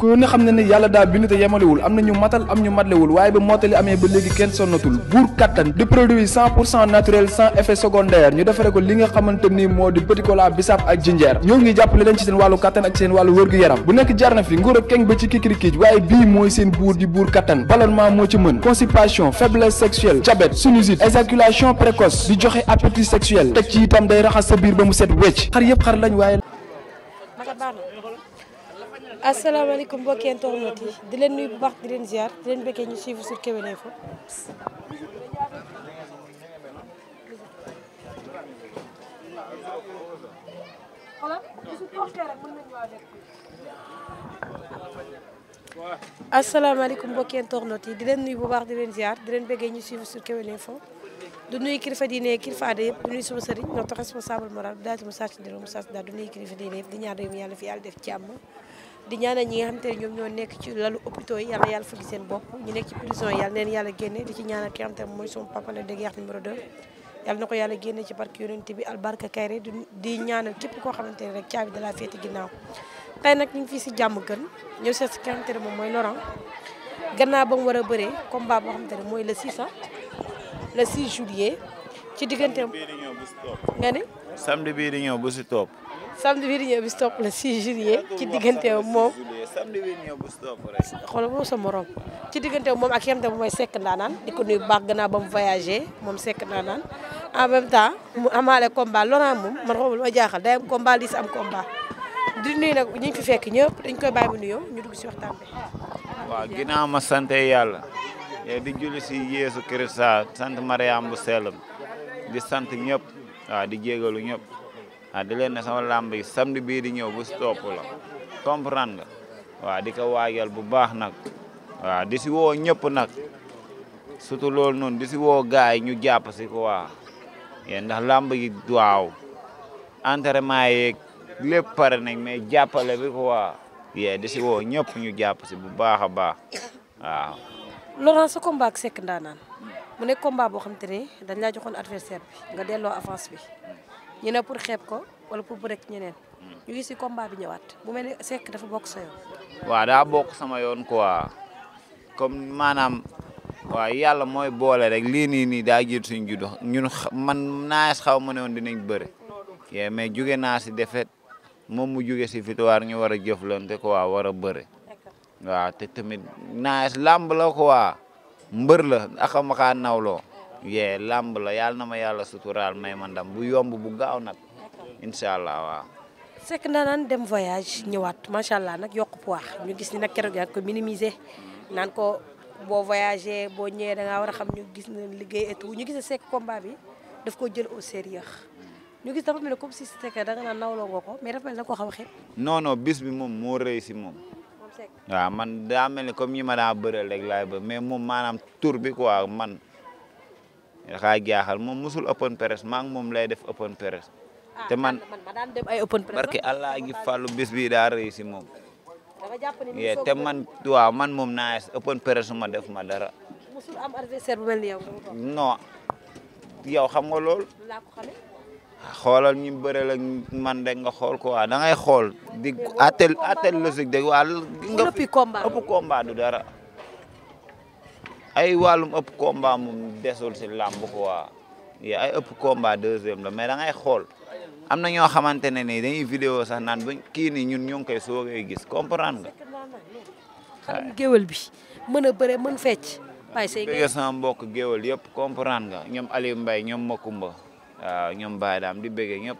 ku ne xam ne ne yàlla daa bind te yemalewul am na ñu matal am ñu matlewul waaye ba mottali amee ba léegi kenn sonnatul buur kattan di produit cent pour cent naturel sans effet secondaire ñu defare ko li nga xamante ni moo di petit cola bisaab ak jinjeer ñoo ngi jàppale leen ci seen wàllu kattan ak seen wàllu wërgu yaram bu nekk jarna fi nguur ak keng ba ci kikirikiij waaye bii mooy seen buur di buur kattan ballonnement moo ci mën constipation ba mu asalaamaaleykum mbokki internet yi di leen nuyu bu baax di leen ziar di leen bëggee ñu suivre sur Kewel Info asalaamaaleykum mbokki internet yi di leen nuyu bu baax di leen ziar di leen bëggee ñu suivre sur Kewel Info du nuyu kilifa diine kilifa aada yëpp du nuyu suma sëriñ notre responsable moral daal di mu sàcc di mu sàcc daal du nuyu kilifa diine yëpp di ñaan réew mi yàlla fi yàlla def ci jàmm di ñaanal ñi nga xam te ne ñoom nekk ci lalu hôpitaux yi yàlla yàlla fëgg seen bopp ñu nekk ci prison yi yàlla neen yàlla génne di ci ñaanal ki nga xam te ne mooy son papa la dégg yàq numéro 2 yàlla ko yàlla génne ci barke yonente bi albarka kayre di ñaana képp koo xamante ne rek caabi da la féete ginnaaw tey nag ñu ngi fii si jàmm gën ñëw seet si ki nga xamante moom mooy Laurent gannaaw ba mu war a bëree combat xam xamante ne mooy le 6 le 6 juillet ci diggante nga ni samedi bii di samedi bii di ñëw bis topp la 6 juillet ci diggante moom xoolal moom sa morom ci diggante moom ak yemte bu mooy Seck Ndanane di ko nuyu baax gannaaw ba mu voyagé moom Seck Ndanane en même temps mu amaale combat Laurent moom man xaw ma lu ma jaaxal day am combat di si am combat di nuyu nag ñu ngi fi fekk ñëpp dañ koy bàyyi bu nuyoo ñu dugg si waxtaan bi waaw ginnaaw ma sant yàlla eh, di julli si Yeesu Kirista sant Mariam bu sellam di sant ñëpp waaw di jégalu ñëpp ah di leen sama làmb yi samedi bii di ñëw bu topp la comprendre nga waaw di ko waajal bu baax nag waaw di si woo ñëpp nag surtout loolu noonu di si woo gars yi ñu jàpp si ko waa làmb yi waaw entraînement yeeg lépp pare nañ mais jàppale bi ko yee di si woo ñëpp ñu jàpp si bu baax a baax waaw Laurent sa combat ak Seck Ndanane mu nekk combat boo xam te ne dañ laa joxoon adversaire bi nga delloo avance bi ñu ne pour xeeb ko wala pour bëreeg ñeneen. ñu gis ci combat bi ñëwaat bu mel ni Seck dafa bokk sa yoon. waaw daa bokk sama yoon quoi comme maanaam waaw yàlla mooy boole rek lii nii nii daa jiit suñ juddu ñun man naa xaw ma ne woon dinañ bëre. yee mais juge naa si défaite moom mu jóge si victoire ñu war a jëflante quoi war a bëre. waaw te tamit naa làmb la quoi mbër la ak ma kaa yee làmb la yàlla na ma yàlla suturaal may ma ndam bu yomb bu gaaw nag incha allah waaw. Seck naan dem voyage ñëwaat macha allah nag yokk poids ñu gis ni nag keroog yaa ko ko boo voyagé boo ñëwee da ngaa war gis na liggéey et ñu gis ne bi daf ko jël au sérieux ñu gis dafa mel ne comme nga naan nawloo nga ko mais dafa mel ne ko xaw a xeeb. bis bi moom moo rëy moom. waaw man daa mel ni comme ñi ma daa bëreel rek laay ba mais moom maanaam tur bi quoi man. daxaa jaaxal moom musul open press maa moom lay def open press. Ah, te man barke allah gi falu bis bii daa réussi moom. yee te man waaw man moom naa yees open press ma def ma dara. musul am adversaire xam nga lool. Ah, xoolal ñu bëre man de nga xool quoi da ngay xool di attel attel logique waa. nga ëpp combat dara. ay wàllum ëpp combat moom desul si làmb quoi ay ëpp combat deuxième la mais dangay xool am na ñoo xamante ne ni dañuy vidéo sax naan ba kii ni ñun ñoo ngi koy soogay gis comprendre nga. xam géwél bi mën a bëre mën mbokk géwél yëpp comprendre nga ñoom Aliou Mbaye ñoom Makumba waaw ñoom Baye di bëggee ñëpp.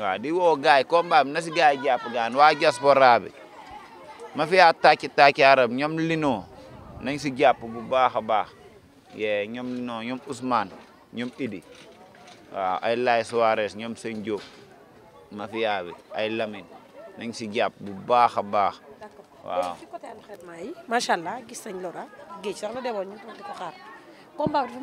waaw di woo gaay yi na si gaay yi jàpp gaan waa diaspora bi ma fi yaa tàcc arab ñoom lino nañ si jàpp bu baax a baax yee ñoom non ñoom Ousmane ñoom Idi waaw ay Laye Suarez ñoom sëñ Diop mafia bi ay Lamine nañ si jàpp bu baax a baax. waaw ci allah gis nañ Laura géej sax la demoon ñu toog di ko xaar combat dafa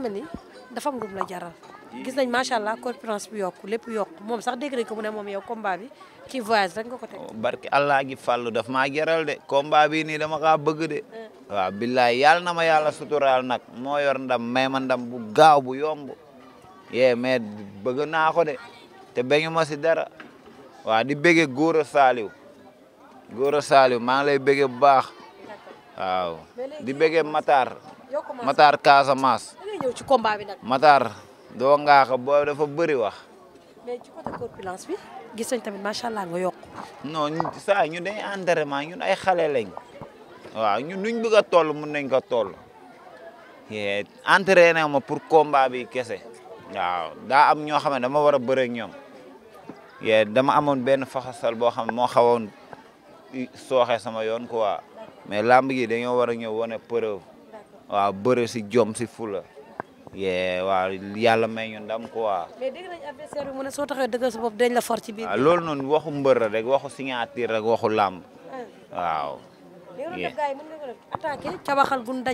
dafa am lu la jaral. gis nañ macha allah corpulence bi yokku lépp yokku moom sax dégg nañ ko mu ne moom yow combat bi ci rek nga ko barke allah gi fàllu daf maa jaral de combat bi dama kaa bëgg de. waaw billaay yàlla na ma yàlla suturaal nag moo yor ndam may ma ndam bu gaaw bu yomb. yee mais bëgg naa ko de te bañu ma si dara waaw di bëggee Gora Saliou Gora Saliou maa ngi lay bu baax. waaw di bëggee Matar. Casamance. Matar. doo ngaaxa boo dafa bëri wax. mais gis nañ tamit macha allah nga yokk. non saa ñu dañuy entraînement ñun ay xale lañ waaw ñun luñ bëgg a toll mun nañ ko toll. Eh, entraîné ma pour combat bi kese. waaw daa am ñoo xam ne dama war a bëre ak ñoom. Eh, dama amoon benn faxasal boo xam ne moo xawoon sooxe sama yoon quoi mais làmb gi dañoo war a ñëw wane preuve. waaw bëre si jom si fula. yee waaw yàlla may ñu ndam quoi. mais a nañu adversaire bi mu ne soo taxee dëggal sa bopp dañ la for ci biir. waaw ah, loolu waxu mbër la rek waxu signature rek waxu làmb. Ah. waaw. yee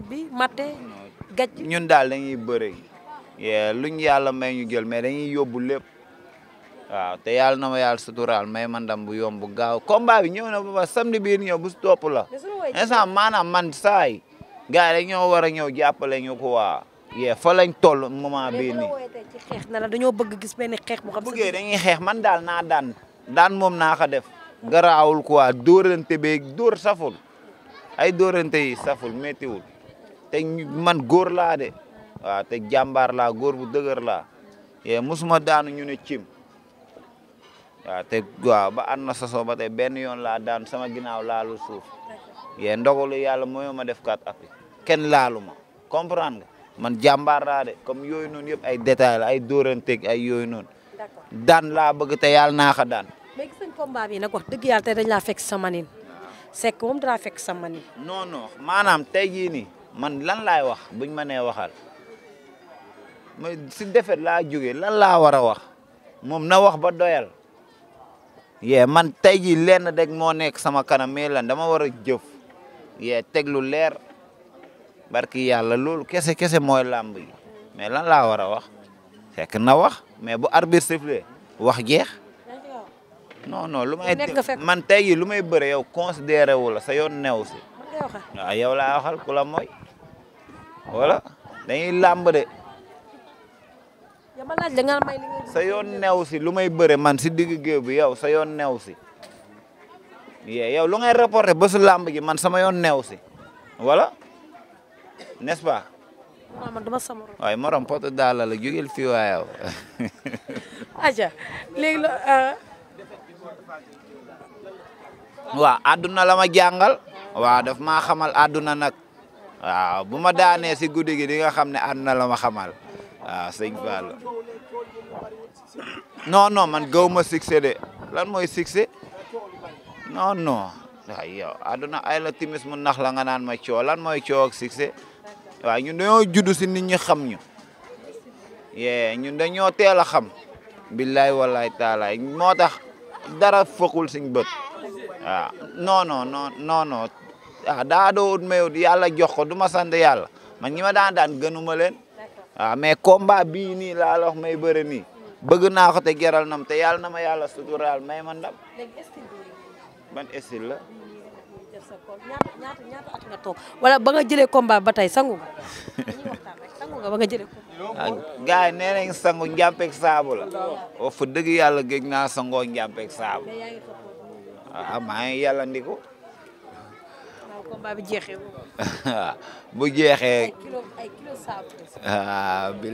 bi matte gaj. ñun daal dañuy bëre yee luñ yàlla may ñu jël mais dañuy yóbbu lépp. waaw te yàlla na ma yàlla suturaal may ma ndam bu yomb bu gaaw combat bi ñëw na ba samedi biir ñëw bu topp la. instant maanaam man saay gars yi rek ñëw jàppale ñu quoi. yee fa tol toll moment bii nii. xeex na la dañoo bëgg gis benn xeex bu bëggee dañuy xeex man daal naa daan daan moom naa ko def. garaawul quoi dóorante beeg dóor saful ay dóorante yi saful méttiwul te man góor laa de waaw te jàmbaar laa góor bu dëgër laa yee musuma daanu ñu ne cim waaw te ba ànd na sosoo ba tey benn yoon laa daan sama ginnaaw laalu suuf yee ndogalu yàlla mooyoo ma def kat api kenn laalu ma comprend nga. man jàmbaar laa de comme yooyu noonu yëpp ay détails la ay dóoranteeg ay yooyu noonu. d'accord daan laa bëgg te yàlla naa ko daan. mais gis nañ combat bi nag wax dëgg yàlla dañ laa fekk samanin niin. sekk moom dara fekk sama niin. non non maanaam tey jii nii man lan laay wax buñ ma nee waxal ma si defet laa jógee lan laa war a wax moom na wax ba doyal. yee man tey jii lenn rek moo nekk sama kanam mais lan dama war a jëf yee teg lu leer. barki yàlla loolu kese kese mooy làmb yi mais lan laa war a wax fekk na wax mais bu arbitre sifflé wax jeex non no lu may man tey yi lu may bëre yow considéré wu sa yoon new si yow laa waxal ku la mooy dañuy làmb sa yoon new si lu may bëre man si digg géew bi yow sa yoon new si yee yow lu ngay reporté ba su làmb ji man sama yoon new si n'est-ce pas. waaw ah, man dama sama morom. waaye morom potu daal la jógeel fii waayaw. Euh, ma jàngal. waaw daf maa xamal àdduna nag. waaw bu ma daanee si guddi gi di nga xam ne àdduna la ma xamal. waaw sëñ Fall. non non man gaw ma succès de lan mooy succès non non. waaye yow àdduna ayla la timis mu nax la nga naan ma coow lan mooy coow ak succès waaw ñun dañoo judd si nit ñi xam ñu yee ñun dañoo teel a xam billaay wallaay taalaay moo tax dara fëqul suñ bët waaw non non non non non ah daa doon mayut yàlla jox ko du ma sant yàlla man ñi ma daan daan gënuma leen waaw mais combat bii nii laa may bëre nii bëgg naa jaral nam te yàlla na ma yàlla may ma ndam ban style la. ñaata ñaata ñaata ba nga sangu nga. sangu nga ba nga jëlee ah, sangu njàmpeeg saabu la. waaw oh, fa dëgg yàlla géej naa sangoo njàmpeeg saabu. ah maa ngi yàlla jeexee bu jeexee. ay kilo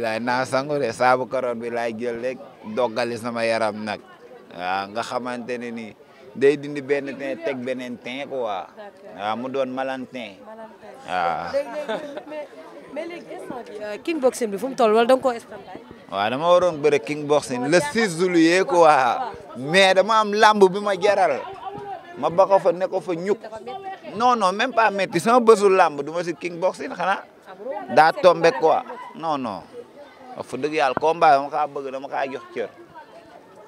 ah, naa sangu de saabu karoot bi laay jël rek doggali sama yaram nag. waaw ah, nga xamante ne day dindi benn teint teg beneen teint quoi waaw ah, mu doon malantin waaw. Ah. bi euh, king boxing bi fu mu toll wala da nga koo standard. waaw waroon bëre king boxing le 6 juillet quoi mais dama am lamb bi ma jaral ma ba ko fa ne ko fa ñuk non non même pas métti sama bésu lamb du ma si king boxing xanaa ah daa tombé quoi non non wax dëgg yàlla combat dama kaa bëgg dama kaa jox cër.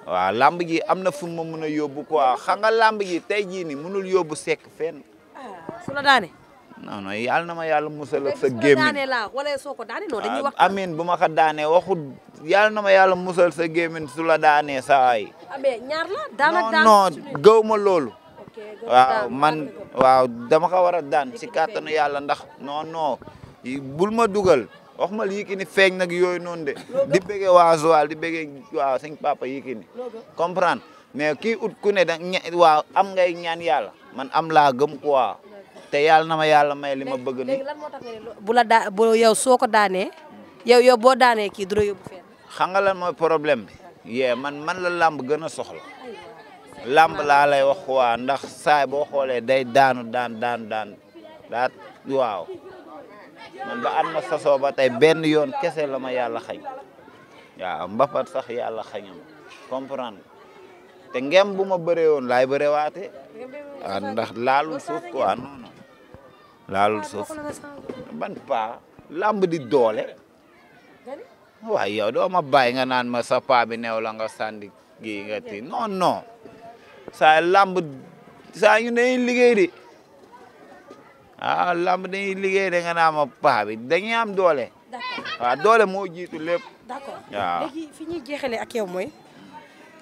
waaw làmb ji am na fu ma mën a yóbbu quoi xam nga làmb ji tey jii ni mënul yóbbu sekk fenn. Ah, su la na ma yàlla musal sa gémmiñ. su daane laa wala soo ko daane ah, bu ma ko daanee waxut yàlla na ma yàlla musal sa gémmiñ su la daanee ah, loolu. man waaw dama ko war a daan si kàttanu yàlla ndax non non bul ma dugal. wax ma Yékini feeñ nag yooyu noonu de. di bëggee waa Joal di bëggee waa sëñ papa Yékini comprendre mais kii ut ku ne da waaw am ngay ñaan yàlla man am laa gëm quoi te yàlla na ma yàlla may li ma bëgg nii. bu la daa bu yow soo ko daanee yow yow boo daanee kii du la yóbbu fenn. nga lan mooy problème bi. yee man man la làmb gën a soxla. làmb laa lay wax waa ndax saay boo xoolee day daanu daan daan daan daa waaw. man ba at ma sasoo ba tey benn yoon kese la ma yàlla xañ waaw mbapat sax yàlla xañam comprendre te ngem bu ma bare woon laay bëre waate waaw ah, ndax laalul suuf quoi non non laalul suuf ban paa làmb di doole waaw yow doo ma bàyyi nga naan ma sa paa bi neew la nga sànni gi nga ti non saa làmb saa ñu ne liggéey di ah lamb dañuy liggéey da nga naa ma paa bi dañuy am doole. d'accord waaw ah, doole moo jiitu lépp. d'accord waaw léegi fi ñuy jeexalee ak yow mooy.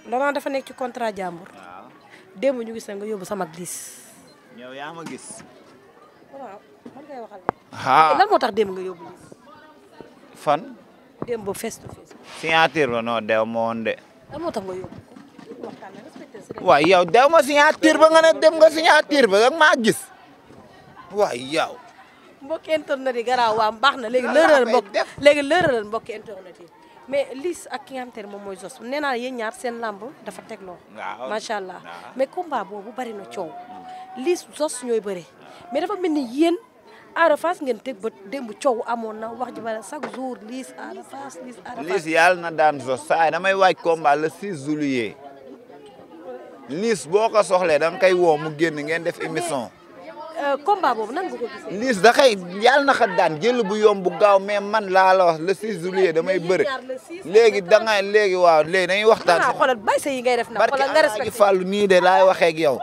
Laurent dafa nekk ci contrat jàmbur. waaw démb ñu gis nga yóbbu sama gis. yow yaa ma gis. waaw man ngay waxal de. Ah. lan moo tax démb nga yóbbu gis. fan. démb face to face. signature ba non dew ma woon de. lan moo tax nga yóbbu ko. waaw yow dew ma signature ba nga ne dem nga signature ba rek maa gis. waay yaaw. mbokki internet yi garaaw waaw baax na léegi lërël mbokk léegi lërël mbokki yi mais Liss ak ki nga xam te ne moom mooy Zoss nee naa yéen ñaar seen làmb dafa tegloo macha allah mais combat boobu bari na coow mm. Liss Zoss ñooy bëre mais dafa mel ni yéen Ada Fass ngeen teg ba démb amoon na wax ji bari chaque jour Liss Ada Fass na daan Zoss saa damay waaj combat le 6 juillet Liss boo ko soxlee da nga koy woo mu génn ngeen def émission combat boobu nan nga ko liis da xëy yàlla na ko daan jël bu yom bu gaaw mais man laa la wax le 6 juillet damay bëre. léegi da nga léegi waaw léegi dañuy waxtaan. ah xoolal bàyyi sa yi def nag xoolal nga nii de laa waxee ak yow.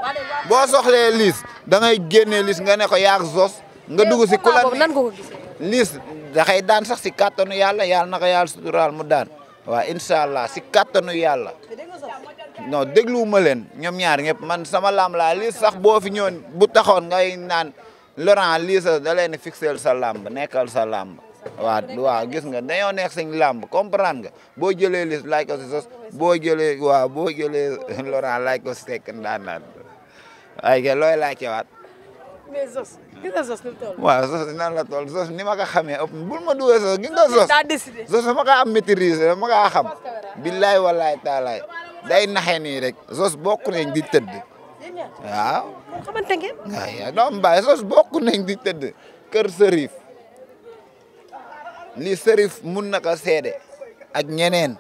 boo soxlee liis da ngay génnee liis nga ne ko yaag zos. nga dugg si kulan nan ko gisee. liis da daan sax si kattanu yàlla yàlla na ko yàlla suturaal mu daan. waa incha allah si kattanu yàlla. no dégluwuma leen ñoom ñaar ñëpp man sama lam laa lii sax boo fi ñëwoon bu taxoon ngay naan Laurent lii sax da leen fixeel sa làmb nekkal sa làmb waaw waaw gis nga dañoo nekk sañ làmb comprendre nga boo jële Liss laaj ko si sos boo jëlee waaw boo ko si Seck ndaanaan waaye ke looy laajte waat sos ni mu toll. bul ma duwee sos gis nga sos sos ma ko am maîtrise xam billaay wallaay taalaay day naxe nii rek Zoss bokk nañ di tëdd waaw. xamante ngeen. waaw bokk nañ di tëdd kër sërif li sërif mun na seede ak ñeneen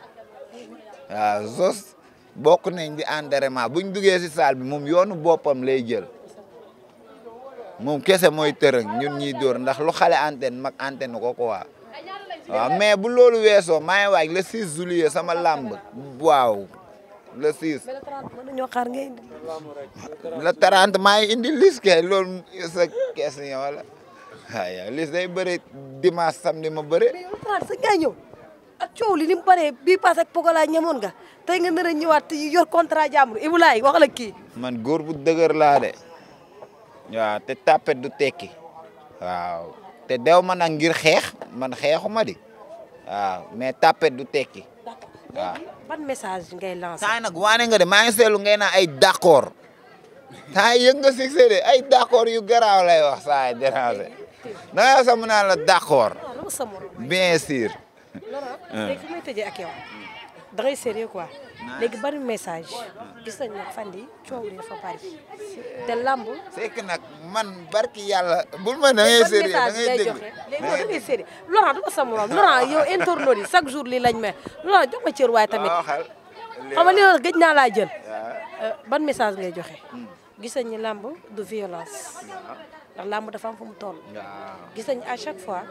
waaw Zoss bokk nañ di entraînement buñ duggee si salle bi moom yoonu boppam lay jël moom kese mooy tërëng ñu ñuy door ndax lu xale antenne mag antenne ko ko waa mais bu loolu weesoo maa waaj le 6 juillet sama làmb waaw le 6. le 30 mënuñoo xaar ngay indi. le 30 maa indi liste kay loolu sa question la waaw yow liste day bëri dimanche samedi ma bëri. sa gars ñëw ak coow li ni mu bii passé ak ñamoon nga te nga nar a ti yor contrat jàmbur Ibou Laye wax la kii. man góor bu dëgër laa de waaw te tapet du tekki waaw te dew ma nag ngir xeex man xeexuma di waaw mais tapet du tekki. waaw ban message ngay nag waane nga de maa ngi seetlu ngay naa ay d'accord saa yëg nga de ay d'accord yu garaw lay wax saa yi dérangé na la d'accord. bien sûr. ak yow léegi bari message gis nañ ne fan yi coow li dafa bari te lamb. c'est que nag man barki yàlla. bul ma da ngay séeréer da ngay dégg léegi da du ma sa morom Laurent yow internaute yi chaque jour lii lañ may Laurent jox ma cër waaye tamit. xam nga li nga gëj naa laa jël. Euh, ban message ngay joxe. Hmm. gis nañ ni làmb du violence. lamb dafa am fu mu toll. gis à chaque fois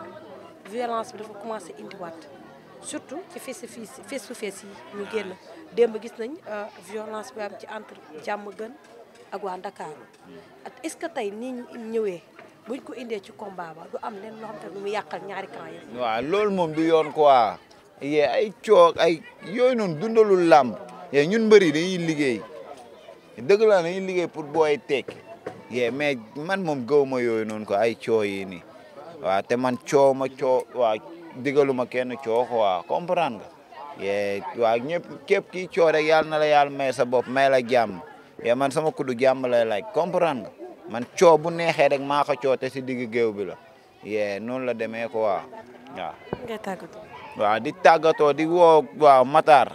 violence bi dafa commencé indiwaat. surtout ci face to face face yi ñu génn démb gis nañ euh, violence bi am ci entre jàmm gën ak waa Ndakaaru ak est-ce que tey nii ñu ñëwee buñ ko indee ci combat ba du am leen loo xam te lu mu yàqal ñaari camp yi waaw loolu moom du yoon waa yee ay coog ay yooyu noonu dundalul làmb yee ñun yi dañuy liggéey dëgg la dañuy liggéey pour booy tekki yee mais man moom gëw ma yooyu noonu ko ay coo yi nii waaw te man coo ma coo waaw digaluma kenn coow quoi comprendre nga. yee waaw ñëpp képp kii coow rek yàlla na la yàlla may sa bopp may la jàmm yee man sama kuddu jàmm la laaj comprendre nga man coow bu neexee rek maa ko te si digg géew bi la yee noonu la demee quoi waaw. tàggatoo. di tàggatoo di woo waaw Matar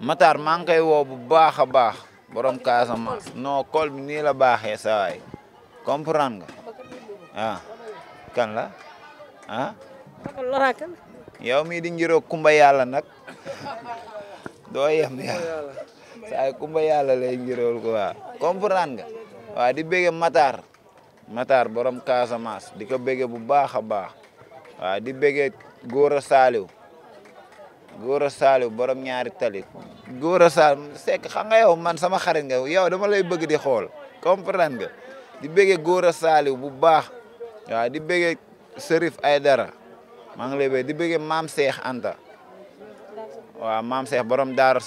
Matar maa ngi koy woo bu baax a baax borom Casamance non col bi nii la baaxee saa waay comprendre nga ah. kan la. ah. yow mii di njëroog kumba yàlla nag doo yem yàlla saa kumba yàlla lay njirool ko waa comprendre nga waa di bége Matar Matar borom Casamance di ko bége bu baax a baax waa di bége Gora Saliou Gora Saliou borom ñaari tali Gora Saliou Seck xam nga yow man sama xarit nga yow dama lay bëgg di xool comprendre nga di bége Gora Saliou bu baax waa di bége. Serif Aydara maa ngi lay béy di bëggee maam Seex Anta waaw maam Seex borom Daaru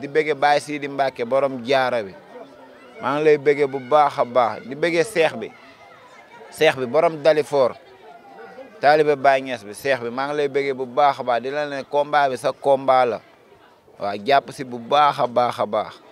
di bëggee Baay Sidi Mbàkke borom jaara bi maa ngi lay bëggee bu baax a baax di bëggee seex bi seex bi borom Dalifor taalibe Baay Ñas bi seex bi maa ngi lay bëggee bu baax a baax di la ne combat bi sa combat la waaw jàpp si bu baax a baax a baax.